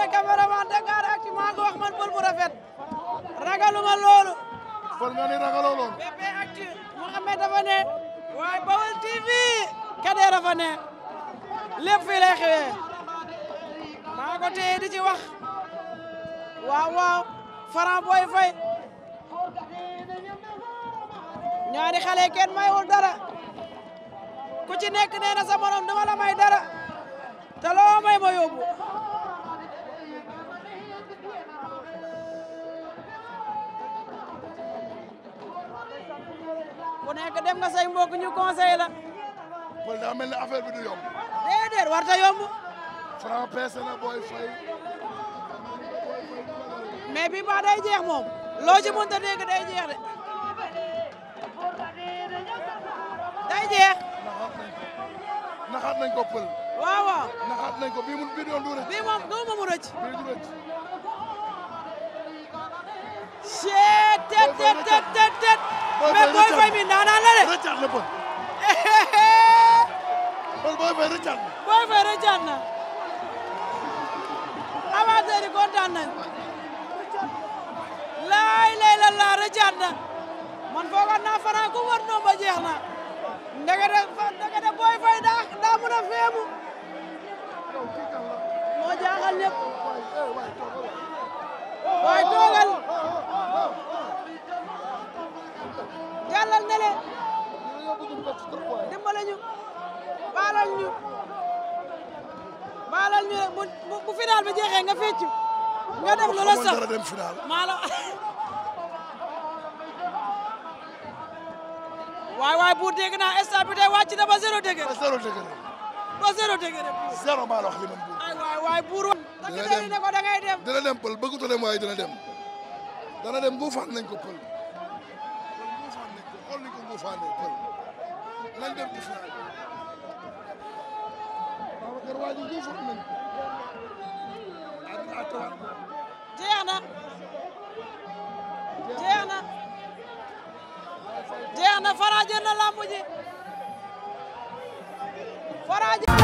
ne cameraman Dakaractu maa ko wax man pël bu rafet ragaluma loolu. kon nga ni ragaloo loolu. Bpactu Mouhamed dafa ne waaye Baol TV Kader dafa ne lépp fii lay xewee maa di ci wax waaw waaw Franc Boy Faye ñaari xale kenn mayul dara ku ci nekk nee na sa morom dama la may dara te loo ma yóbbu. ku nekk dem nga say mbokk ñu conseil la. Paul daa mel ne affaire bi du yomb. déedéet war ta yomb. Franc peese na mais bi ba day jeex moom loo ci mënta dégg day jeex de. day jeex. naxaat nañ ko pël. waaw waaw. naxaat nañ ko bii mu bii doon du rëcc. bii moom doo ma mu rëcc. bii du rëcc. Faye mi ndaanaan la de. rëccaat la Paul. Paul Boy Faye rëccaat na. Boy Faye rëccaat na. amateur yi kontaan nañ. laay lay la laa rëccaat na. man foogoon naa Franc ku wër ndomba jeex na. ndekete ndekete Boy Faye daa daa mën a féemu. moo jaaxal ñëpp. tàllal ne le dimbale ñu baalal ñu baalal ñu rek bu bu final bi jeexee nga fecc nga def lu la sax maa la waay waay buur dégg naa instant bi tey wàcc na ba zéro degré. ba zéro degré. ba zéro degré. zéro maa la wax li man buur. ay waay waay buur. dina dem dina dem pël bëggu ta dem waaye dina dem. dana dem bu fànn nañ ko pël. Fane Pël lañ def gis naa Babacar waa